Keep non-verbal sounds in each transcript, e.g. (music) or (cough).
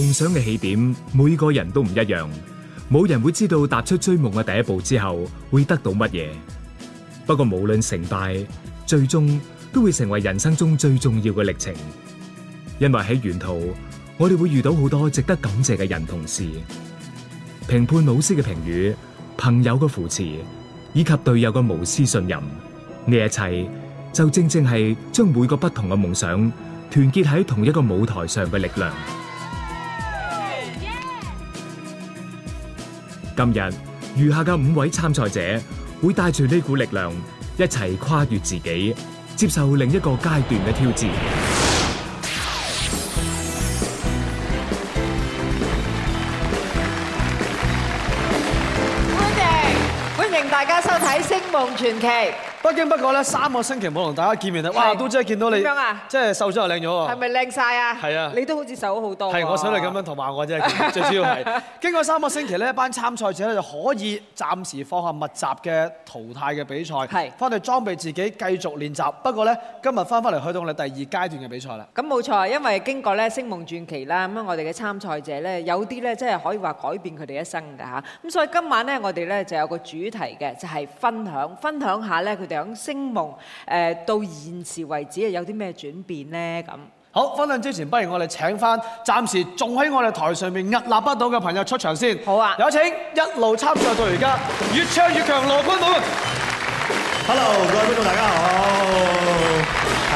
夢想嘅起點，每個人都唔一樣，冇人會知道踏出追夢嘅第一步之後會得到乜嘢。不過無論成敗，最終都會成為人生中最重要嘅歷程。因為喺沿途，我哋會遇到好多值得感謝嘅人同事、評判老師嘅評語、朋友嘅扶持，以及隊友嘅無私信任。呢一切就正正係將每個不同嘅夢想團結喺同一個舞台上嘅力量。今日，餘下嘅五位參賽者會帶住呢股力量，一齊跨越自己，接受另一個階段嘅挑戰。傳奇，不過咧三個星期冇同大家見面啦，哇都真係見到你，咁樣啊，即係瘦咗又靚咗喎，係咪靚晒啊？係啊，你都好似瘦咗好多啊！係我想你咁樣同埋我啫，最主要係經過三個星期咧，班參賽者咧就可以暫時放下密集嘅淘汰嘅比賽，係翻去裝備自己繼續練習。不過咧，今日翻翻嚟去到我哋第二階段嘅比賽啦。咁冇錯，因為經過咧星夢傳奇啦，咁啊我哋嘅參賽者咧有啲咧真係可以話改變佢哋一生㗎嚇。咁所以今晚咧，我哋咧就有個主題嘅，就係分享分。分享下咧，佢哋響聲夢到現時為止有啲咩轉變咧？咁好，分享之前，不如我哋請翻暫時仲喺我哋台上面屹立不倒嘅朋友出場先。好啊！有請一路參賽到而家越唱越強羅鈞滿。Hello，各位觀眾大家好。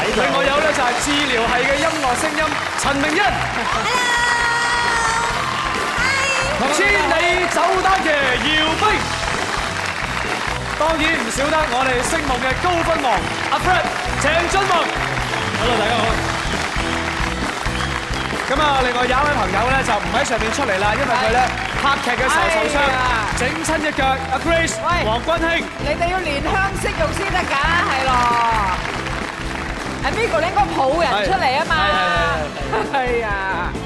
另外有咧就係治療系嘅音樂聲音陳明恩。Hello，嗨 Hi.！千里走單嘅姚兵。當然唔少得我哋星夢嘅高分王阿 Fred 鄭俊弘，Hello，大家好。咁啊，另外有一位朋友咧就唔喺上邊出嚟啦，因為佢咧拍劇嘅時候受傷，整親隻腳。阿 Grace 王君馨，你哋要憐香惜玉先得㗎，係咯？阿 Miguel 你應該抱人出嚟啊嘛。係啊。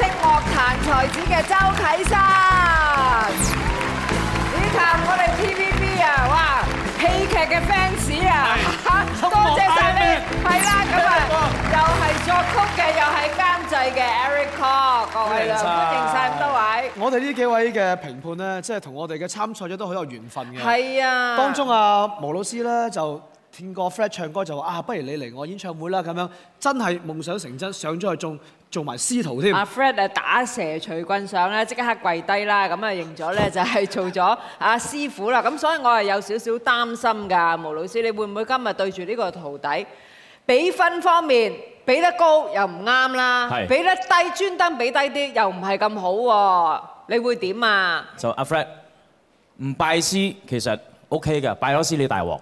樂壇才子嘅周啟生， (music) 以及我哋 TVB 啊，哇，戲劇嘅 fans 啊，多謝晒你，係啦，咁啊，又係作曲嘅，又係監製嘅 Eric Kwok，各位兩位，歡迎晒咁多位。我哋呢幾位嘅評判咧，即係同我哋嘅參賽者都好有緣分嘅。係是啊，當中啊，巫老師咧就聽過 Fred 唱歌就話啊，不如你嚟我演唱會啦，咁樣真係夢想成真，上咗去中。做埋師徒添。阿 Fred 啊，打蛇隨棍上咧，即刻跪低啦，咁啊認咗咧，就係做咗阿師傅啦。咁所以我係有少少擔心㗎，巫老師，你會唔會今日對住呢個徒弟？比分方面，俾得高又唔啱啦，俾得低專登俾低啲又唔係咁好喎，你會點啊？就阿 Fred 唔拜師其實 OK 㗎，拜咗師你大鑊，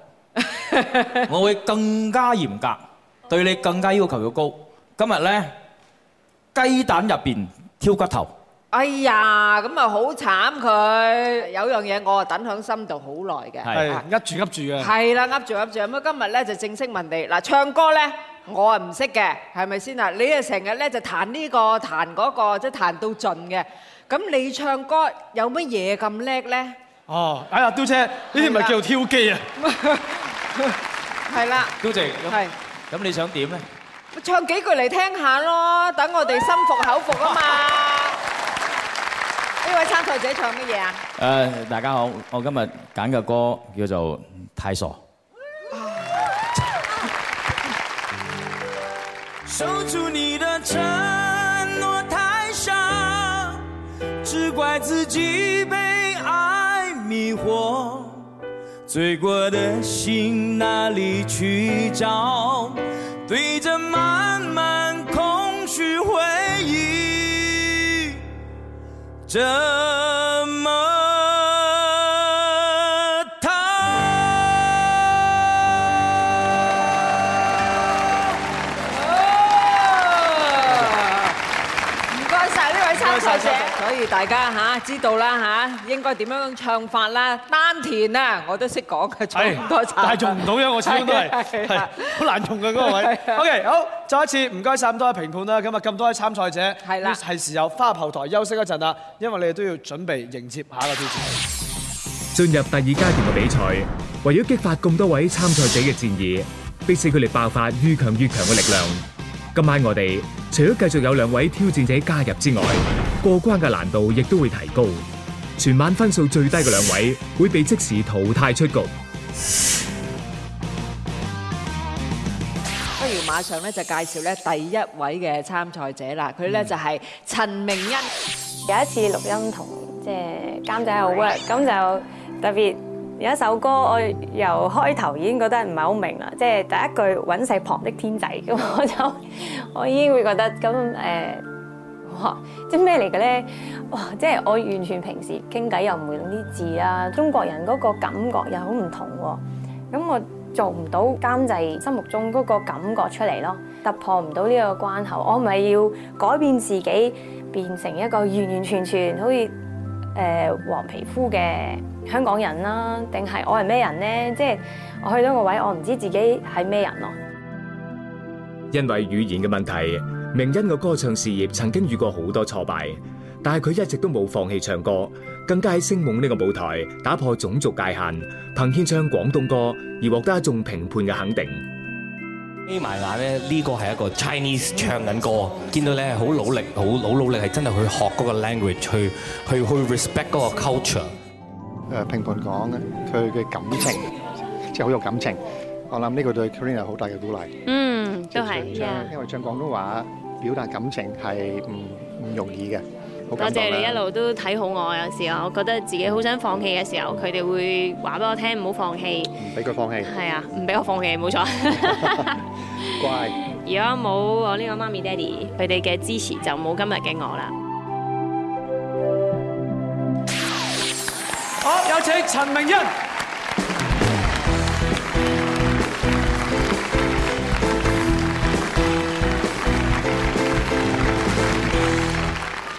我會更加嚴格，對你更加要求要高。今日咧。雞蛋入邊挑骨頭。哎呀，咁啊好慘佢。有樣嘢我啊，等喺心度好耐嘅。係。噏住噏住嘅。係啦，噏住噏住。咁今日咧就正式問你，嗱，唱歌咧我啊唔識嘅，係咪先啊？你啊成日咧就彈呢個彈嗰個，即係彈到盡嘅。咁你唱歌有乜嘢咁叻咧？哦，哎呀，Do 姐，呢啲咪叫做挑機啊？係啦，Do 姐。係。咁你想點咧？唱幾句嚟聽下咯，等我哋心服口服啊嘛！呢位參賽者唱乜嘢啊？Uh, 大家好，我今日揀嘅歌叫做《太傻》。守住你的承諾太傻，只怪自己被愛迷惑，醉過的心哪裏去找？對着漫漫空虛回憶，大家吓知道啦吓，應該點樣唱法啦？丹田啊，我都識講嘅，唱多集但係做唔到呀，我唱都係，好難用嘅嗰個位。OK，好，再一次唔該晒咁多位評判啦。咁啊，咁多位參賽者，係啦，係時候返後台休息一陣啦，因為你哋都要準備迎接下個挑戰。進入第二階段嘅比賽，為咗激發咁多位參賽者嘅戰意，逼使佢哋爆發愈強愈強嘅力量。今晚我哋除咗繼續有兩位挑戰者加入之外，過關嘅難度亦都會提高。全晚分數最低嘅兩位會被即時淘汰出局。不如馬上咧就介紹咧第一位嘅參賽者啦，佢咧就係陳明恩。有一次錄音同即係監製好 work，咁就特別。有一首歌，我由開頭已經覺得唔係好明啦，即係第一句《隕石旁的天際》咁我就我已經會覺得咁誒、呃，哇！即係咩嚟嘅咧？哇！即係我完全平時傾偈又唔會用啲字啊，中國人嗰個感覺又好唔同喎。咁我做唔到監製心目中嗰個感覺出嚟咯，突破唔到呢個關口，我咪要改變自己，變成一個完完全全好似。誒黃皮膚嘅香港人啦，定係我係咩人呢？即係我去到個位，我唔知自己係咩人咯。因為語言嘅問題，明恩嘅歌唱事業曾經遇過好多挫敗，但係佢一直都冇放棄唱歌，更加喺星夢呢個舞台打破種族界限，憑獻唱廣東歌而獲得一眾評判嘅肯定。眯埋眼咧，呢個係一個 Chinese 唱緊歌，見到你好努力，好好努力，係真係去學嗰個 language，去去去 respect 嗰個 culture。誒，評判講佢嘅感情，即係好有感情。我諗呢個對 Corinna 好大嘅鼓勵。嗯，都係啊，因為唱廣東話表達感情係唔唔容易嘅。多謝你一路都睇好我，有時候我覺得自己好想放棄嘅時候，佢哋會話俾我聽唔好放棄。唔俾佢放棄。係啊，唔俾我放棄，冇錯。 (laughs) 乖。如果冇我呢個媽咪、爹哋佢哋嘅支持，就冇今日嘅我啦。好，有請陳明恩。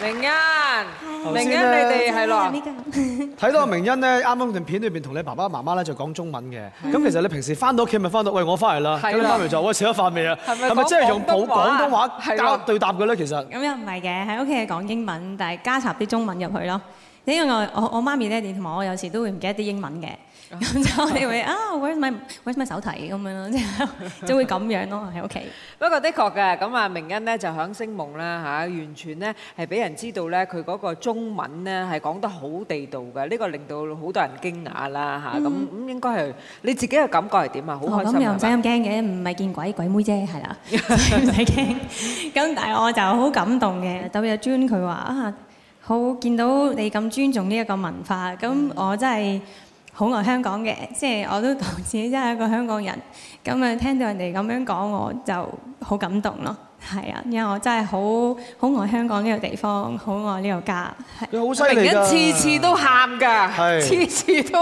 明恩，明恩你哋係咯？睇、這個、 (laughs) 到明恩咧，啱啱段片裏邊同你爸爸媽媽咧就講中文嘅。咁嗎其實你平時翻到屋企咪翻到，喂我翻嚟啦。咁你媽咪就喂食咗飯未啊？係咪？係咪即係用普廣東話交對答嘅咧？其實咁又唔係嘅，喺屋企係講英文，但係加插啲中文入去咯。因為我我媽咪咧，你同我有時都會唔記得啲英文嘅。咁就我哋會啊，我想買，我想買手提咁樣咯，即係就會咁樣咯喺屋企。不過的確嘅，咁啊明恩咧就響聲夢啦吓，完全咧係俾人知道咧佢嗰個中文咧係講得好地道嘅，呢個令到好多人驚訝啦吓。咁咁應該係你自己嘅感覺係點啊？好開心啊！咁又唔使咁驚嘅，唔係見鬼鬼妹啫，係啦，唔使驚。咁但係我就好感動嘅，特別阿 John 佢話啊，好見到你咁尊重呢一個文化，咁我真係～好愛香港嘅，即係我都自己真係一個香港人，咁啊聽到人哋咁樣講，我就好感動咯。係啊，因為我真係好好愛香港呢個地方，好愛呢個家。你好犀利㗎！明恩次次都喊㗎，次次都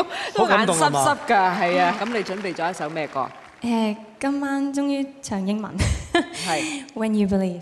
眼濕濕㗎。係啊，咁你準備咗一首咩歌？誒，今晚終於唱英文。係。When You Believe。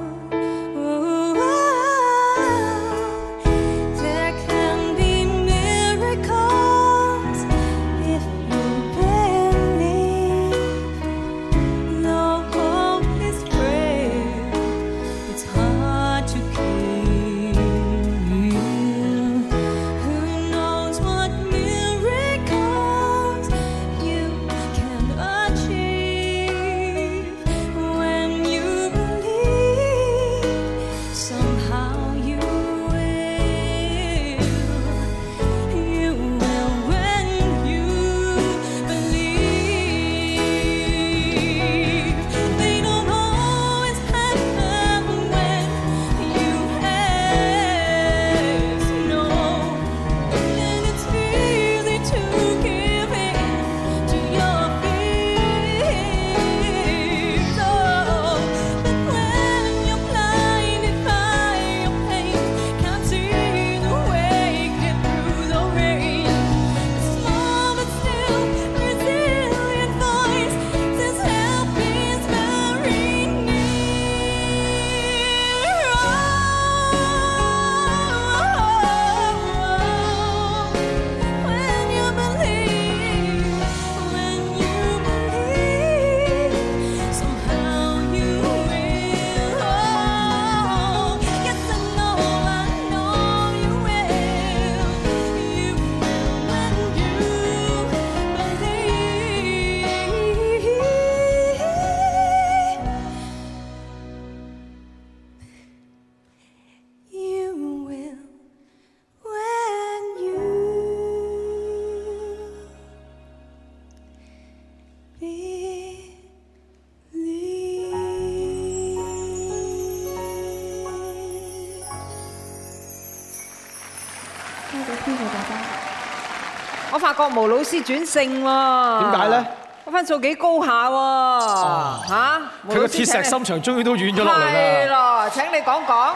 巫老師轉性喎？點解咧？我分數幾高下喎？嚇！佢個鐵石心腸終於都軟咗落嚟啦！係啦，請你講講。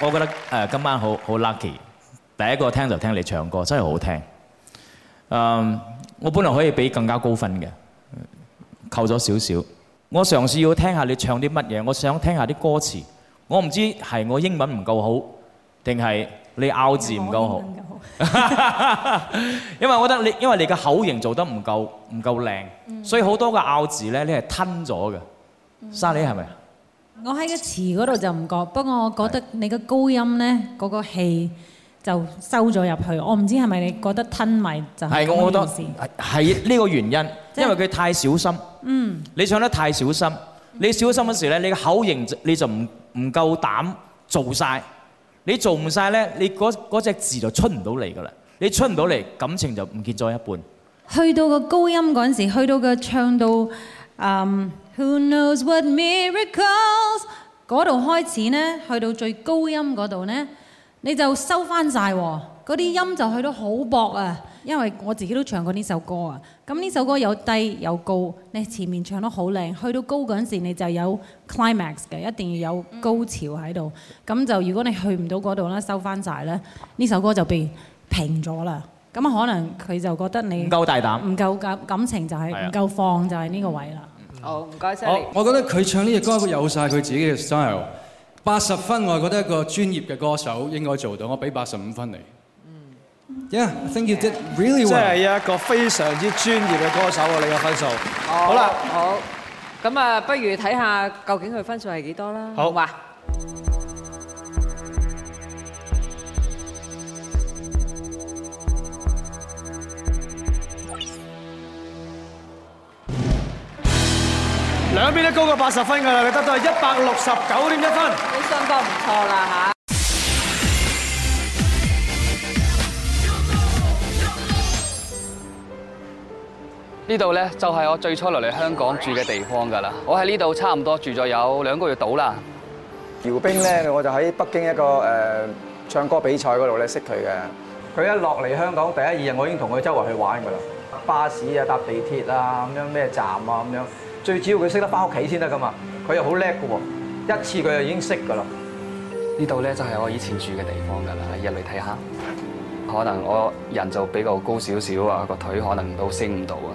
我覺得誒今晚好好 lucky，第一個聽就聽你唱歌，真係好聽。誒，我本來可以俾更加高分嘅，扣咗少少。我嘗試要聽下你唱啲乜嘢，我想聽下啲歌詞。我唔知係我英文唔夠好。定係你咬字唔夠好，因為我覺得你因為你嘅口型做得唔夠唔夠靚，所以好多個咬字咧，你係吞咗嘅。沙你係咪？我喺個詞嗰度就唔覺，不過我覺得你嘅高音咧，嗰個氣就收咗入去。我唔知係咪你覺得吞埋就係，我覺得係呢個原因，因為佢太小心。嗯，你唱得太小心，你小心嗰時咧，你嘅口型你就唔唔夠膽做晒。你做唔曬呢，你嗰嗰隻字就出唔到嚟噶啦。你出唔到嚟，感情就唔見咗一半。去到個高音嗰陣時，去到個唱到嗯，Who knows what miracles 嗰度開始呢，去到最高音嗰度呢，你就收翻曬喎，嗰啲音就去到好薄啊。因為我自己都唱過呢首歌啊，咁呢首歌有低有高，你前面唱得好靚，去到高嗰陣時你就有 climax 嘅，一定要有高潮喺度。咁就如果你去唔到嗰度啦，收翻曬咧，呢首歌就被平咗啦。咁可能佢就覺得你唔夠大膽，唔夠感感情，就係唔夠放，就係呢個位啦。好，唔該曬。我覺得佢唱呢隻歌有曬佢自己嘅 style，八十分。我覺得一個專業嘅歌手應該做到，我俾八十五分你。Yeah，I think you did really well。即係一個非常之專業嘅歌手啊！你嘅分數。好啦，好。咁啊，不如睇下究竟佢分數係幾多啦？好哇。兩邊都高過八十分㗎啦，你得到係一百六十九點一分。都相當唔錯啦嚇。這呢度咧就係、是、我最初落嚟香港住嘅地方噶啦，我喺呢度差唔多住咗有兩個月到啦。姚兵咧，我就喺北京一個誒、呃、唱歌比賽嗰度咧識佢嘅。佢一落嚟香港第一二日，我已經同佢周圍去玩噶啦，巴士啊，搭地鐵啊，咁樣咩站啊，咁樣。最主要佢識得翻屋企先得噶嘛，佢又好叻嘅，一次佢就已經識噶啦。呢度咧就係、是、我以前住嘅地方噶啦，入嚟睇下。可能我人就比較高少少啊，個腿可能都升唔到啊。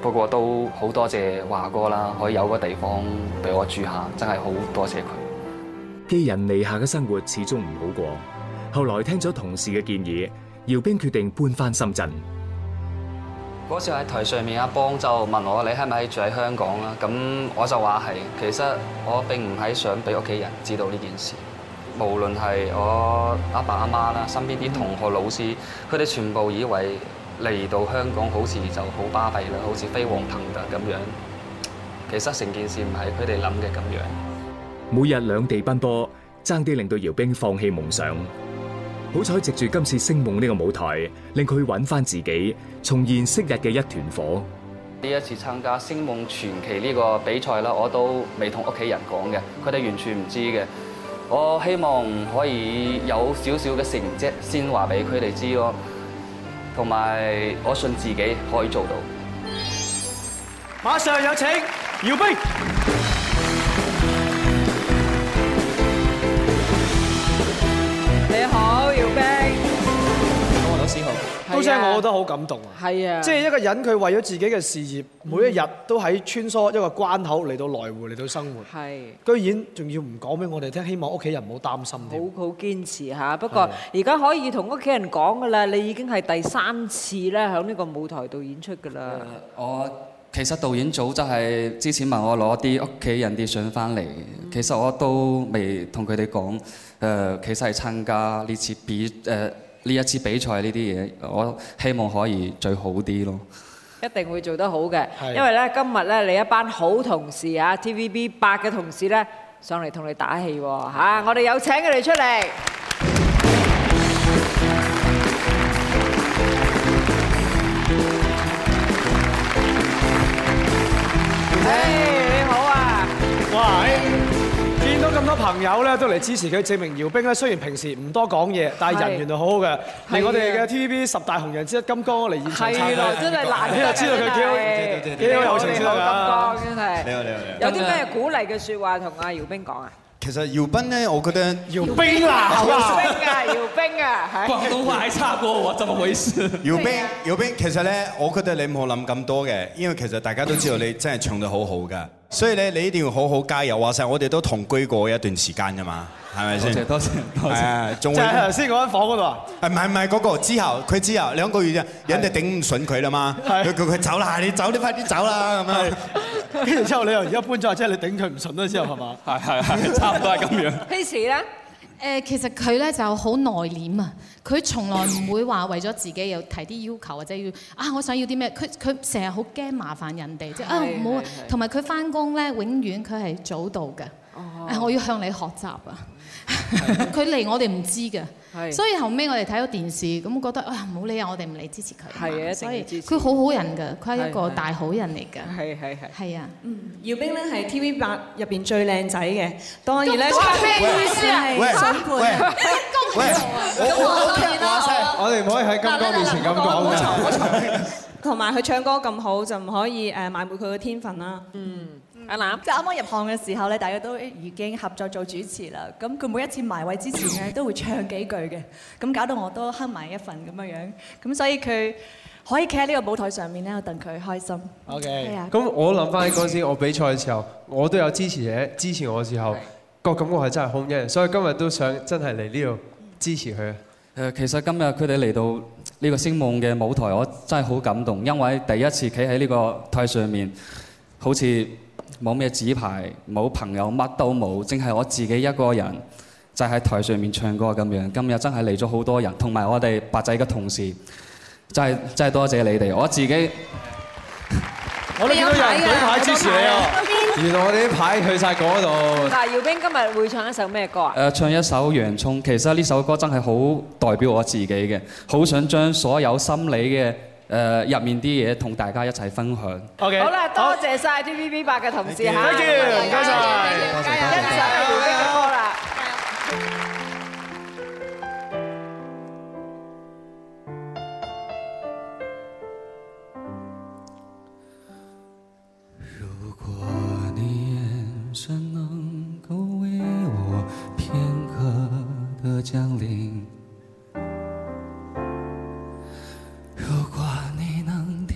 不過都好多謝華哥啦，可以有個地方俾我住下，真係好多謝佢。寄人籬下嘅生活始終唔好過。後來聽咗同事嘅建議，姚兵決定搬翻深圳。嗰時喺台上面阿邦就問我：你係咪住喺香港呀？咁我就話係。其實我並唔係想俾屋企人知道呢件事。無論係我阿爸阿媽啦，身邊啲同學老師，佢哋全部以為。嚟到香港好似就好巴閉啦，好似飛黃騰達咁樣。其實成件事唔係佢哋諗嘅咁樣。每日兩地奔波，爭啲令到姚兵放棄夢想。好彩藉住今次星夢呢個舞台，令佢揾翻自己，重現昔日嘅一團火。呢一次參加星夢傳奇呢個比賽啦，我都未同屋企人講嘅，佢哋完全唔知嘅。我希望可以有少少嘅成績，先話俾佢哋知咯。同埋，我信自己可以做到。馬上有請姚兵。嗰聲我覺得好感動啊！係啊，即係一個人佢為咗自己嘅事業，每一日都喺穿梭一個關口嚟到來回嚟到生活。係，居然仲要唔講俾我哋聽，希望屋企人唔好擔心。好好堅持吓，不過而家可以同屋企人講噶啦，你已經係第三次咧響呢個舞台度演出噶啦。我其實導演組就係之前問我攞啲屋企人啲相翻嚟，其實我都未同佢哋講。誒，其實係參加呢次比誒。呢一次比賽呢啲嘢，我希望可以最好啲咯。一定會做得好嘅，因為呢今日呢你一班好同事啊，TVB 八嘅同事呢，上嚟同你打氣喎吓，我哋有請佢哋出嚟。咁多朋友咧都嚟支持佢，證明姚兵咧雖然平時唔多講嘢，但係人緣都好好嘅，係我哋嘅 TVB 十大紅人之一金剛嚟現場撐你，係啦，真係難得，真係知道佢幾好，幾有情操嘅，有啲咩鼓勵嘅説話同阿姚兵講啊？其實姚兵咧，我覺得姚兵啊，好啊，姚兵啊，廣東話還差過我，怎麼回事？姚兵，姚兵，其實咧，我覺得你唔好諗咁多嘅，因為其實大家都知道你真係唱得好好噶。所以咧，你一定要好好加油。話曬，我哋都同居過一段時間㗎嘛，係咪先？多謝，多謝，仲謝。謝謝，謝謝就係頭先嗰間房嗰度啊。誒唔係，唔係嗰個之後，佢之後兩個月啫，人哋頂唔順佢啦嘛。佢佢佢走啦，你走都快啲走啦咁樣。跟住之後，你，後你又而家搬咗，即係你頂佢唔順啊，之後係嘛？係係係，差唔多係咁樣。Perry 咧？誒，其實佢咧就好內斂啊，佢從來唔會話為咗自己又提啲要求或者要啊，我想要啲咩？佢佢成日好驚麻煩人哋，即係啊唔好，啊別。同埋佢返工咧，永遠佢係早到嘅，哦，我要向你學習啊！佢嚟我哋唔知㗎，所以後尾我哋睇咗電視，咁覺得啊冇理由我哋唔嚟支持佢。係啊，所以佢好好人㗎，佢係一個大好人嚟㗎。係係係。係啊，姚兵咧係 TVB 入邊最靚仔嘅，當然咧，裁判恭喜恭喜啊！我哋唔可以喺金剛面前咁講㗎。同埋佢唱歌咁好，就唔可以誒埋沒佢嘅天分啦。嗯。阿，啱啱入行嘅時候咧，大家都已經合作做主持啦。咁佢每一次埋位之前咧，都會唱幾句嘅，咁搞到我都哼埋一份咁樣樣。咁所以佢可以企喺呢個舞台上面咧，我戥佢開心。O K，咁我諗翻起嗰時，我比賽嘅時候，我都有支持者支持我嘅時候，個感覺係真係好嘅。所以今日都想真係嚟呢度支持佢。誒，其實今日佢哋嚟到呢個星夢嘅舞台，我真係好感動，因為第一次企喺呢個台上面，好似～冇咩紙牌，冇朋友，乜都冇，淨係我自己一個人，就喺台上面唱歌咁樣。今日真係嚟咗好多人，同埋我哋白仔嘅同事，真係真係多謝你哋。我自己，我哋好多人舉牌支持你啊！原來我哋啲牌去晒嗰度。嗱，姚兵今日會唱一首咩歌啊？誒，唱一首《洋蔥》。其實呢首歌真係好代表我自己嘅，好想將所有心裏嘅。呃，入面啲嘢同大家一齊分享。Okay 好啦，多謝晒 TVB 八嘅同事吓 Thank you,。唔該曬，唔該曬，唔該曬，唔該曬。好啦。如果你眼神能夠為我片刻的降臨。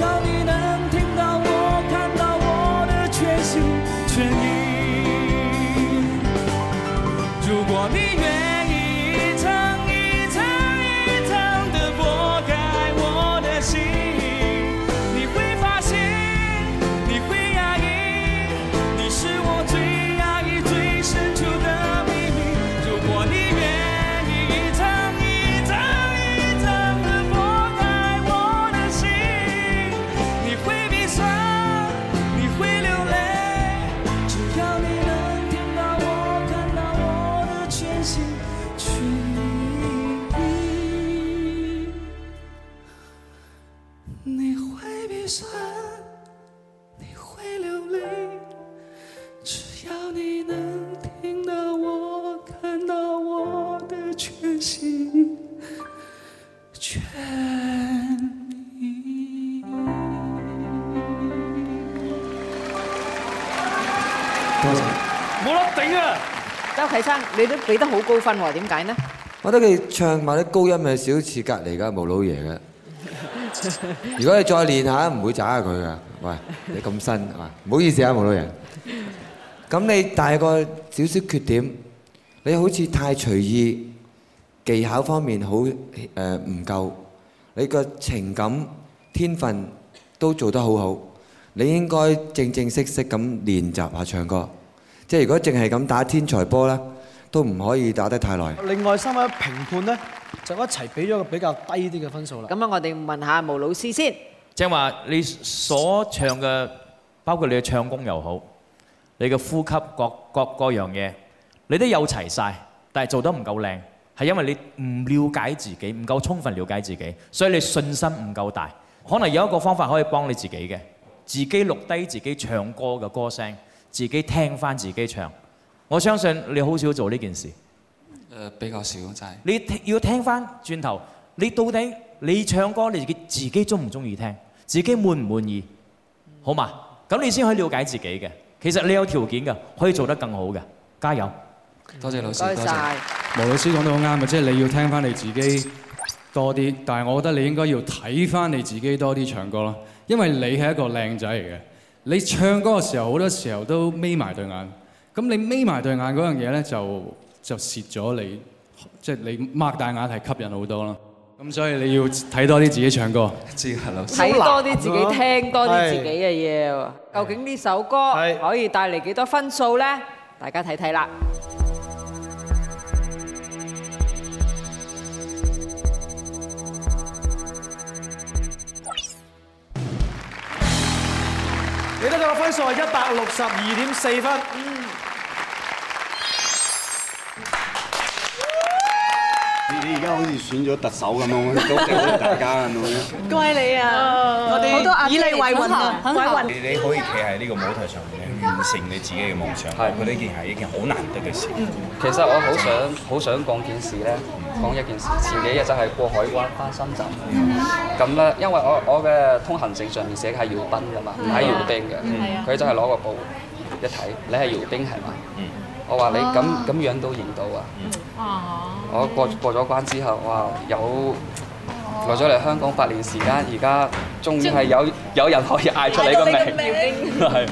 到底能。你都俾得好高分喎？點解呢？我覺得佢唱埋啲高音嘅小似隔籬噶，巫老爺嘅。如果你再練下，唔會渣下佢噶。喂，你咁新係嘛？唔好意思啊，巫老爺。咁你大個少少缺點，你好似太隨意，技巧方面好誒唔夠。你個情感天分都做得好好，你應該正正式式咁練習下唱歌。即係如果淨係咁打天才波啦。都唔可以打得太耐。另外三位評判呢，就一齊俾咗個比較低啲嘅分數啦。咁啊，我哋問下巫老師先。正話，你所唱嘅，包括你嘅唱功又好，你嘅呼吸各各各樣嘢，你都有齊晒，但係做得唔夠靚，係因為你唔了解自己，唔夠充分了解自己，所以你信心唔夠大。可能有一個方法可以幫你自己嘅，自己錄低自己唱歌嘅歌聲，自己聽返自己唱。我相信你好少做呢件事。誒、呃，比較少就係。你要聽翻轉頭，你到底你唱歌你自己中唔中意聽？自己滿唔滿意？好嘛，咁你先可以了解自己嘅。其實你有條件嘅，可以做得更好嘅，加油！多謝老師，多謝。唔該晒。巫老師講得好啱嘅，即係你要聽翻你自己多啲。但係我覺得你應該要睇翻你自己多啲唱歌咯，因為你係一個靚仔嚟嘅。你唱歌嘅時候好多時候都眯埋對眼。咁你眯埋對眼嗰樣嘢咧，就就蝕咗你，即係你擘大眼係吸引好多啦。咁所以你要睇多啲自己唱歌，謝老師。睇多啲自己聽，多啲自己嘅嘢。究竟呢首歌可以帶嚟幾多分數咧？大家睇睇啦。你得到嘅分數係一百六十二點四分。而家好似選咗特首咁樣，多謝大家咁樣。唔該你啊，我哋以你為榮，啊。你可以企喺呢個舞台上面，完成你自己嘅夢想。係，佢呢件係一件好難得嘅事。其實我好想好想講件事咧，講一件事。前幾日就係過海關翻深圳，咁咧，因為我我嘅通行證上面寫係姚斌嘅嘛，唔係姚兵嘅。佢就係攞個簿一睇，你係姚兵係嘛？嗯，我話你咁咁樣都認到啊？我過過咗關之後，哇！有落咗嚟香港八年時間，而家終於係有有人可以嗌出你個名，係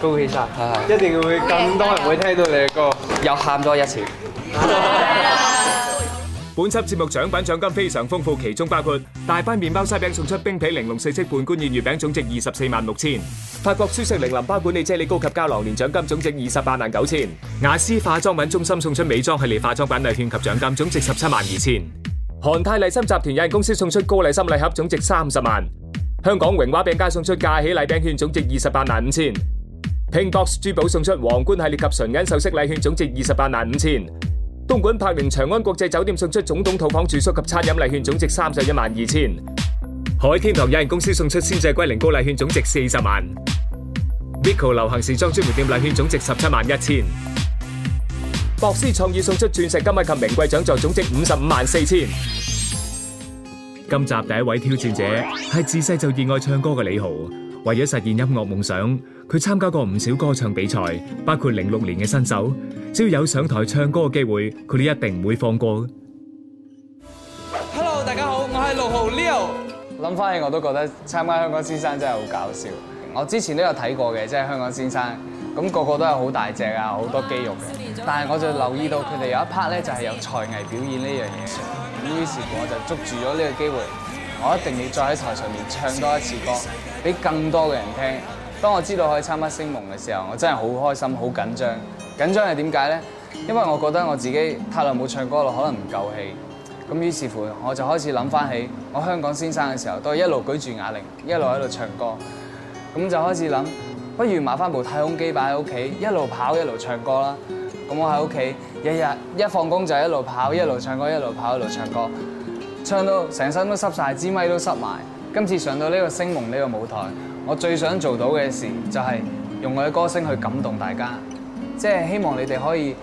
高興曬，係係，啊、一定會更多人會聽到你嘅歌，油又喊多一次。 (laughs) 本集節目獎品獎金非常豐富，其中包括大班麵包西餅送出冰皮玲瓏四色半觀燕月餅總值二十四萬六千；法國舒適凌林包管理啫喱高級膠囊年獎金總值二十八萬九千；雅詩化妝品中心送出美妝系列化妝品禮券及獎金總值十七萬二千；韓泰麗心集團有限公司送出高麗心禮盒總值三十萬；香港榮華餅家送出佳喜禮餅券總值二十八萬五千；Pinkbox 珠寶送出皇冠系列及純銀首飾禮券總值二十八萬五千。東莞柏寧長安國際酒店送出總統套房住宿及餐飲禮券總值三十一萬二千；海天堂有限公司送出鮮製龜苓膏禮券總值四十萬；Veeko 流行時裝專門店禮券總值十七萬一千；博思創意送出鑽石金咪及名貴獎座總值五十五萬四千。今集第一位挑戰者係自細就熱愛唱歌嘅李豪。為咗實現音樂夢想，佢參加過唔少歌唱比賽，包括零六年嘅新手。只要有上台唱歌嘅機會，佢都一定唔會放過。Hello，大家好，我係六號 Leo。諗返起我都覺得參加香港先生真係好搞笑。我之前都有睇過嘅，即係香港先生，咁個個都係好大隻啊，好多肌肉嘅。但係我就留意到佢哋有一 part 咧，就係有才藝表演呢樣嘢。於是乎我就捉住咗呢個機會，我一定要再喺台上面唱多一次歌。俾更多嘅人聽。當我知道可以參加星夢嘅時候，我真係好開心，好緊張。緊張係點解呢？因為我覺得我自己太耐冇唱歌啦，可能唔夠氣。咁於是乎，我就開始諗翻起我香港先生嘅時候，都係一路舉住啞鈴，一路喺度唱歌。咁就開始諗，不如買翻部太空機擺喺屋企，一路跑一路唱歌啦。咁我喺屋企日日一放工就一路跑一路唱歌，一路跑一路唱歌，唱到成身都濕晒，支咪，咪都濕埋。今次上到呢個星夢呢個舞台，我最想做到嘅事就係用我嘅歌聲去感動大家，即係希望你哋可以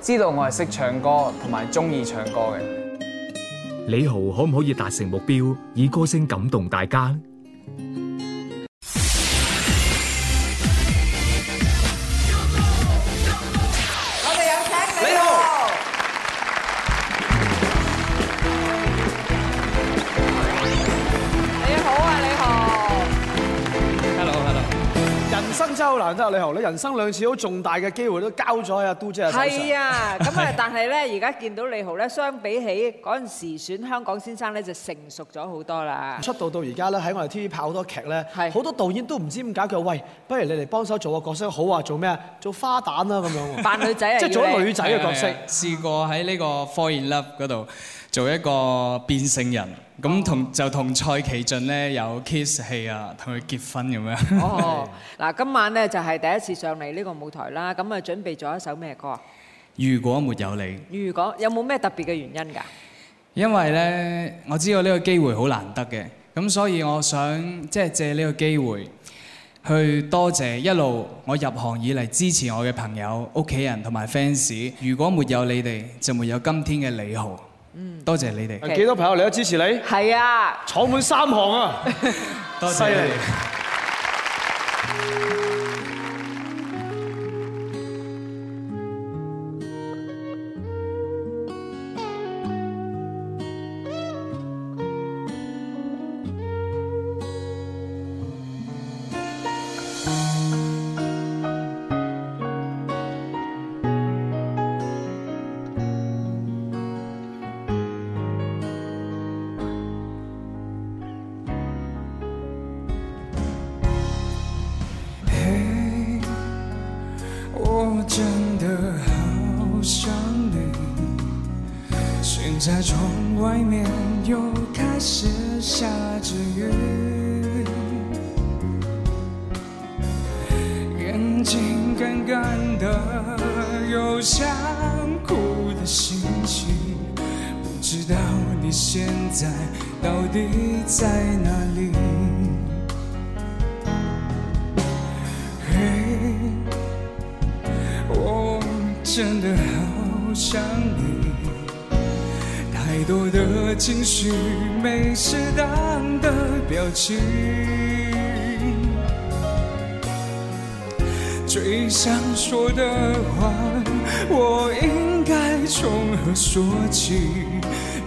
知道我係識唱歌同埋中意唱歌嘅。李豪可唔可以達成目標，以歌聲感動大家？難真係李豪，你人生兩次好重大嘅機會都交咗喺阿 Do 姐手上。係啊，咁啊，但係咧，而家見到李豪咧，相比起嗰陣時選香港先生咧，就成熟咗好多啦。出道到而家咧，喺我哋 TV 拍好多劇咧，好多導演都唔知點解佢話喂，不如你嚟幫手做個角色，好啊，做咩啊？做花旦啦，咁樣扮女仔，即係做女仔嘅角色。試過喺呢個《Fall in Love》嗰度。做一個變性人，咁同就同蔡其俊呢有 kiss 戲啊，同佢結婚咁樣。哦，嗱，今晚呢就係第一次上嚟呢個舞台啦，咁啊準備咗一首咩歌？如果沒有你。如果有冇咩特別嘅原因㗎？因為呢，我知道呢個機會好難得嘅，咁所以我想即係借呢個機會去多謝一路我入行以嚟支持我嘅朋友、屋企人同埋 fans。如果沒有你哋，就沒有今天嘅李豪。嗯，多謝你哋。幾多朋友嚟都支持你？係啊，坐滿三行啊，多犀利。知道你現在到底在哪裏？嘿，我真的好想你。太多的情緒，沒適當的表情，最想說的話，我應該從何說起？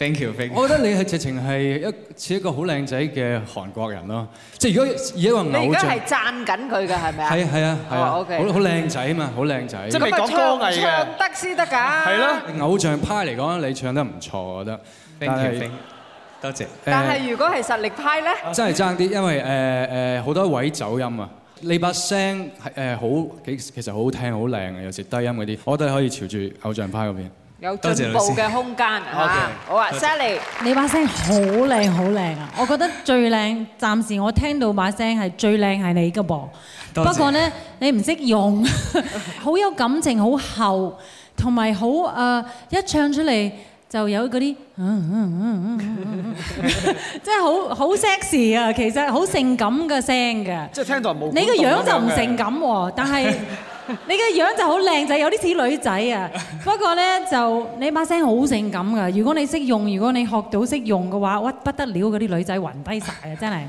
Thank you，我覺得你係直情係一似一個好靚仔嘅韓國人咯。即係如果以話偶像，你而家係贊緊佢嘅係咪啊？係啊係啊，好好靚仔啊嘛，好靚仔。即係講歌藝，唱唱得先得㗎。係咯，偶像派嚟講，你唱得唔錯，我覺得。Thank you，多謝。但係如果係實力派咧，真係爭啲，因為誒誒好多位走音啊。你把聲係誒好幾其實好聽好靚嘅，尤其低音嗰啲，我覺得可以朝住偶像派嗰邊。有進步嘅空間嚇，好啊，Sally，你把聲好靚好靚啊，我覺得最靚，暫時我聽到把聲係最靚係你㗎噃。不過咧，你唔識用，好有感情，好厚，同埋好誒，一唱出嚟就有嗰啲，嗯嗯嗯嗯，即係好好 sexy 啊，其實好性感嘅聲嘅。即係聽落冇。你個樣就唔性感喎，但係。你嘅樣就好靚仔，有啲似女仔啊！不過咧，就你把聲好性感㗎。如果你識用，如果你學到識用嘅話，屈不得了嗰啲女仔暈低晒啊！真係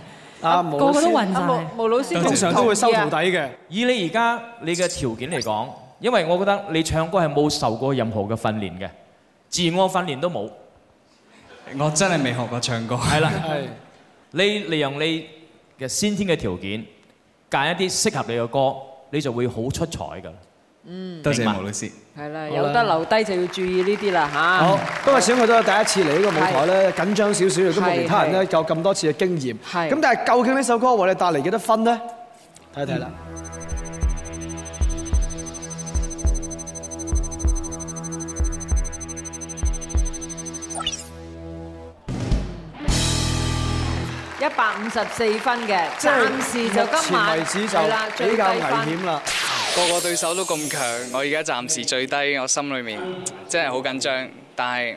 啊，個個都暈曬。巫老師通常都會收徒弟嘅。以你而家你嘅條件嚟講，因為我覺得你唱歌係冇受過任何嘅訓練嘅，自我訓練都冇。我真係未學過唱歌。係啦，係。你利用你嘅先天嘅條件，揀一啲適合你嘅歌。你就會好出彩㗎。嗯，多謝白巫老師。係啦，有得留低就要注意呢啲啦嚇。好，好不過小我都係第一次嚟呢個舞台咧，了緊張少少。咁冇其他人咧，有咁多次嘅經驗。咁但係究竟呢首歌為你帶嚟幾多分咧？睇一睇啦。看看一百五十四分嘅，暫時就今晚止啦，比較危險啦。個個對手都咁強，我而家暫時最低，我心裏面真係好緊張，但係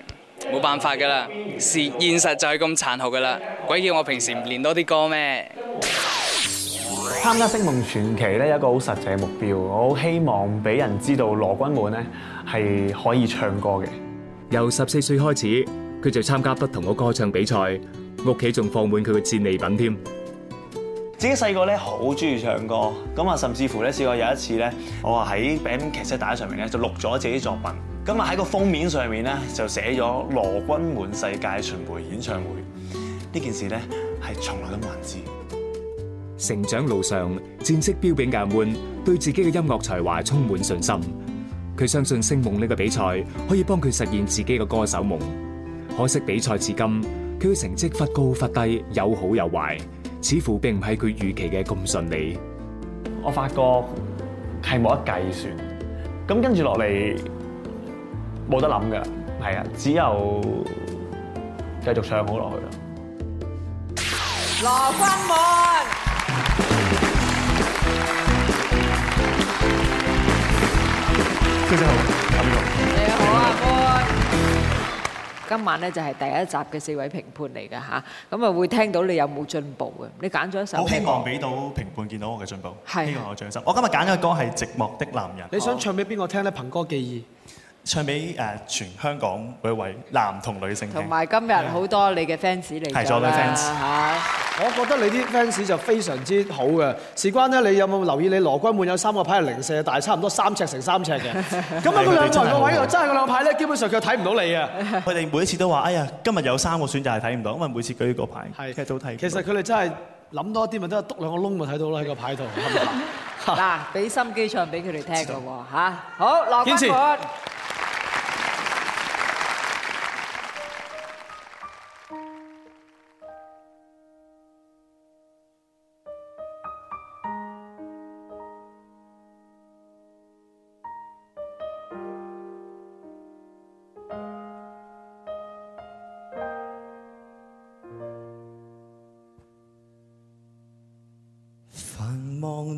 冇辦法㗎啦。現現實就係咁殘酷㗎啦。鬼叫我平時唔練多啲歌咩？參加《星夢傳奇》咧，有一個好實際嘅目標，我好希望俾人知道羅鈞滿咧係可以唱歌嘅。由十四歲開始，佢就參加不同嘅歌唱比賽。屋企仲放滿佢嘅戰利品添。自己細個咧好中意唱歌，咁啊，甚至乎咧試過有一次咧，我啊喺 M 其實帶上面咧就錄咗自己作品，咁啊喺個封面上面咧就寫咗羅鈞滿世界巡迴演唱會。呢件事咧係從來都唔知。成長路上戰績彪炳牙滿，對自己嘅音樂才華充滿信心。佢相信星夢呢個比賽可以幫佢實現自己嘅歌手夢。可惜比賽至今。佢成績忽高忽低，有好有壞，似乎並唔係佢預期嘅咁順利。我發覺係冇得計算，咁跟住落嚟冇得諗噶，係啊，只有繼續唱好落去咯。羅鈞滿。大家好，阿哥。今晚咧就係第一集嘅四位評判嚟嘅吓。咁啊會聽到你有冇進步嘅，你揀咗一首。我希望俾到評判見到我嘅進步，希望是的 我長進。我今日揀嘅歌係《寂寞的男人》。好的 你想唱俾邊個聽咧？《憑歌記憶》。唱俾誒全香港每位男同女性嘅，同埋今日好多你嘅 fans 嚟咗啦。係，我覺得你啲 fans 就非常之好嘅。事關咧，你有冇留意你羅鈞滿有三個牌係零四，但係差唔多三尺乘三尺嘅。咁啊，個兩排個位又真係個兩排咧，基本上佢睇唔到你啊。佢哋每一次都話：哎呀，今日有三個選擇係睇唔到，因為每次舉呢個牌，其實都睇。其實佢哋真係諗多啲，咪都係篤兩個窿咪睇到咯喺個牌度。嗱，俾心機唱俾佢哋聽嘅喎嚇。好，羅鈞滿。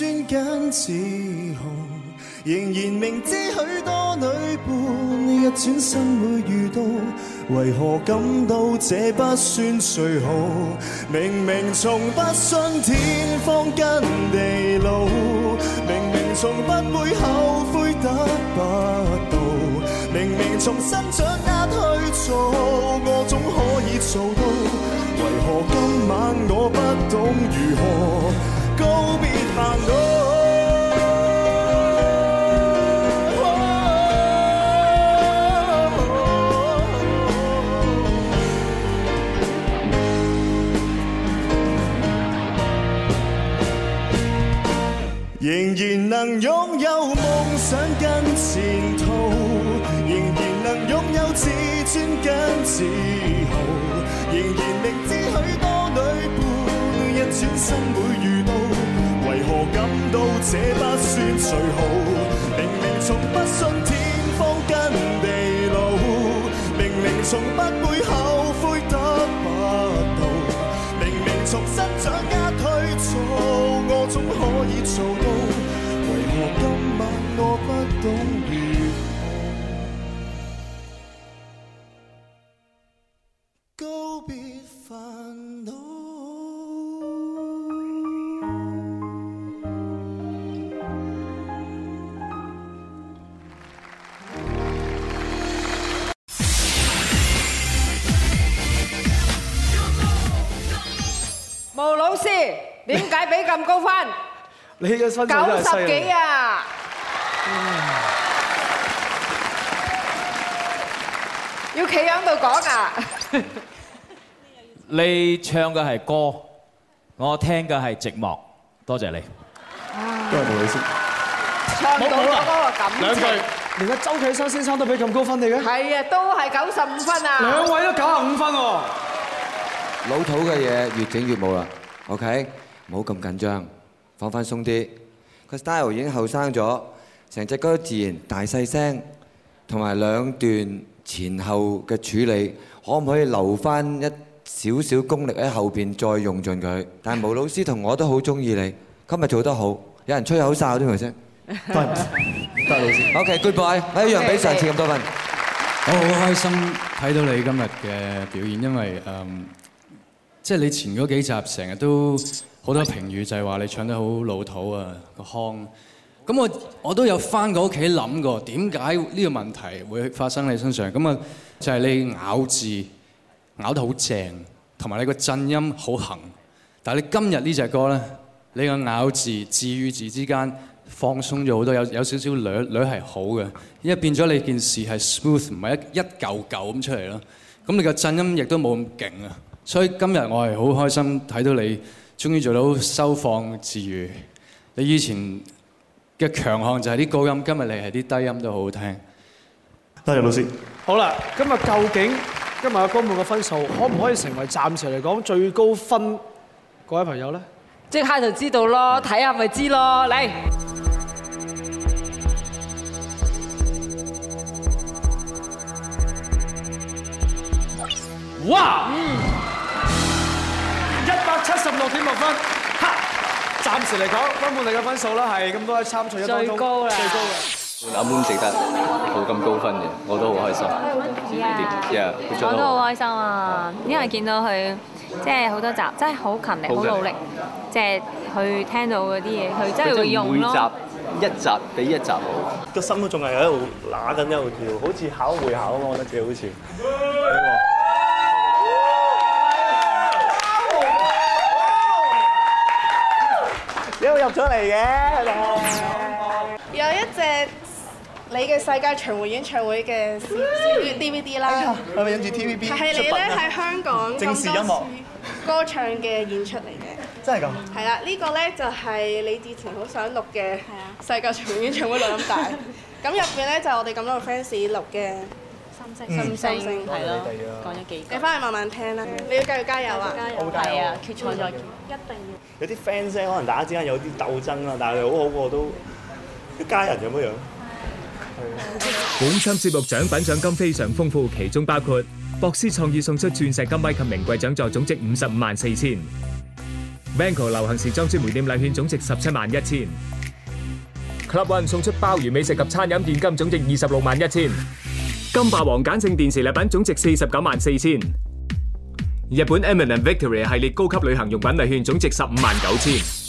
專揀自豪，仍然明知許多女伴一轉身會遇到，為何感到這不算最好？明明從不信天荒跟地老，明明從不會後悔得不到，明明從心掌握去做，我總可以做到，為何今晚我不懂如何？告別煩惱，仍然能擁有夢想跟前途，仍然能擁有自尊跟自豪，仍然明知許多。轉身會遇到，為何感到這不算最好？明明從不信天荒跟地老，明明從不會後悔到。俾咁高分你嘅，九十幾啊！要企喺度講啊！你唱嘅係歌，我聽嘅係寂寞。多謝你，多謝巫老師。唱唔到嗰個感情，兩句連阿周啟生先生都俾咁高分你嘅，係啊，都係九十五分啊！兩位都九十五分喎，老土嘅嘢越整越冇啦，OK？唔好咁緊張，放翻鬆啲。個 style 已經後生咗，成隻歌自然大細聲，同埋兩段前後嘅處理，可唔可以留翻一少少功力喺後邊再用盡佢？但係巫老師同我都好中意你，今日做得好，有人吹口哨添，係咪先？得得，老師。OK，goodbye。我一樣畀上次咁多份，我好開心睇到你今日嘅表演，因為嗯，即係你前嗰幾集成日都。好多評語就係話你唱得好老土啊，個腔咁。我我都有翻過屋企諗過，點解呢個問題會發生喺你身上？咁啊，就係你咬字咬得好正，同埋你個震音好行。但係你今日呢隻歌咧，你個咬字字與字之間放鬆咗好多，有有少少略略係好嘅，因為變咗你件事係 smooth，唔係一一嚿嚿咁出嚟啦。咁你個震音亦都冇咁勁啊。所以今日我係好開心睇到你。終於做到收放自如。你以前嘅強項就係啲高音，今日你係啲低音都好好聽。多謝老師。好。好啦，今日究竟今日阿江浩嘅分數可唔可以成為暫時嚟講最高分，各位朋友咧？即刻就知道咯，睇下咪知咯，嚟。哇！七十六點六分，哈！暫時嚟講，根本你嘅分數啦，係咁多，喺參賽者當中最高嘅。高高的阿滿值得冇咁高分嘅，我都好開心。我都好開、啊、開心啊，因為見到佢即係好多集，真係好勤力、好努力，即係去聽到嗰啲嘢，佢真係會用咯。一集比一集好，個心都仲係喺度揦緊，一度跳，好似考會考我覺得好似。 (laughs) 入咗嚟嘅，有一隻你嘅世界巡迴演唱會嘅小於 DVD 啦、啊。係咪、啊？入面影住 TVB。係你呢？喺香港咁多次歌唱嘅演出嚟嘅。真係㗎？係啦，呢、呢個呢，就係你之前好想錄嘅世界巡迴演唱會錄音帶。咁入的面呢，就係、我哋咁多 fans 錄嘅。心聲，心聲係咯，講咗幾句。你翻去慢慢聽啦，你要繼續加油啊！加油，決賽再見一定要。有啲 fans 可能大家之間有啲鬥爭啦，但係好好過都一家人咁樣。係啊！本輯節目獎品獎金非常豐富，其中包括博思創意送出鑽石金幣及名貴獎座，總值五十五萬四千；Vanco 流行時裝專門店禮券總值十七萬一千；Club One 送出鮑魚美食及餐飲現金總值二十六萬一千。金霸王鹼性電池禮品總值四十九萬四千，日本 Eminent Victory 系列高級旅行用品禮券總值十五萬九千。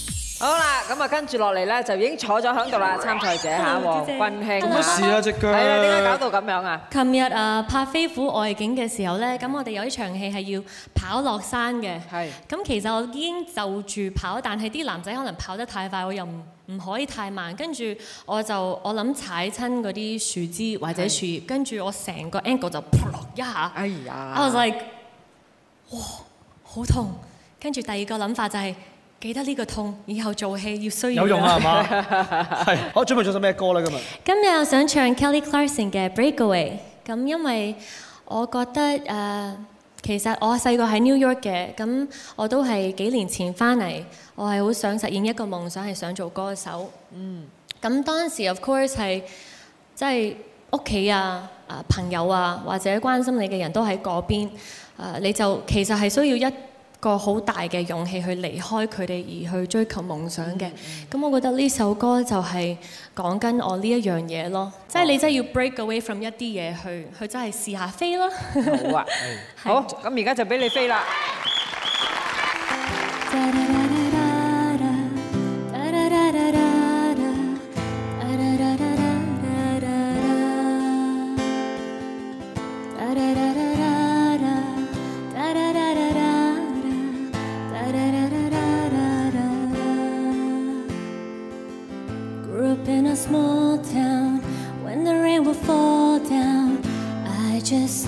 好啦，咁啊，跟住落嚟咧，就已經坐咗喺度啦，參賽者嚇，王好君馨卿。有事啊？隻好腳對？係啊對，點解搞到咁樣啊？琴日啊，拍《飛虎外景》嘅時候咧，咁我哋有一場戲係要跑落山嘅。係。咁其實我已經就住跑，但係啲男仔可能跑得太快，我又唔唔可以太慢，跟住我就我諗踩親嗰啲樹枝或者樹葉，跟住我成個 Angle 就噗落一下。哎呀我 was 哇，好痛！跟住第二個諗法就係、是。記得呢個痛，以後做戲要需要有用啊，係嘛？係，好，準備咗首咩歌咧？今日今日我想唱 Kelly Clarkson 嘅《Breakaway》。咁因為我覺得誒，其實我細個喺 New York 嘅，咁我都係幾年前翻嚟，我係好想實現一個夢想，係想做歌手。嗯。咁當時 of course 係即係屋企啊、啊朋友啊或者關心你嘅人都喺嗰邊，誒你就其實係需要一個好大嘅勇氣去離開佢哋而去追求夢想嘅，咁我覺得呢首歌就係講緊我呢一樣嘢咯，即係你真係要 break away from 一啲嘢去，去真係試下飛啦。好啊， (laughs) 好，咁而家就俾你飛啦。 (music)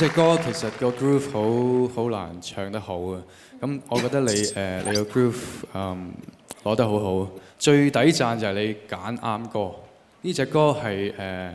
隻歌其實個 groove 好好難唱得好啊！咁我覺得你誒，你個 groove 啊攞得好好，最抵讚就係你揀啱歌。呢隻歌係誒。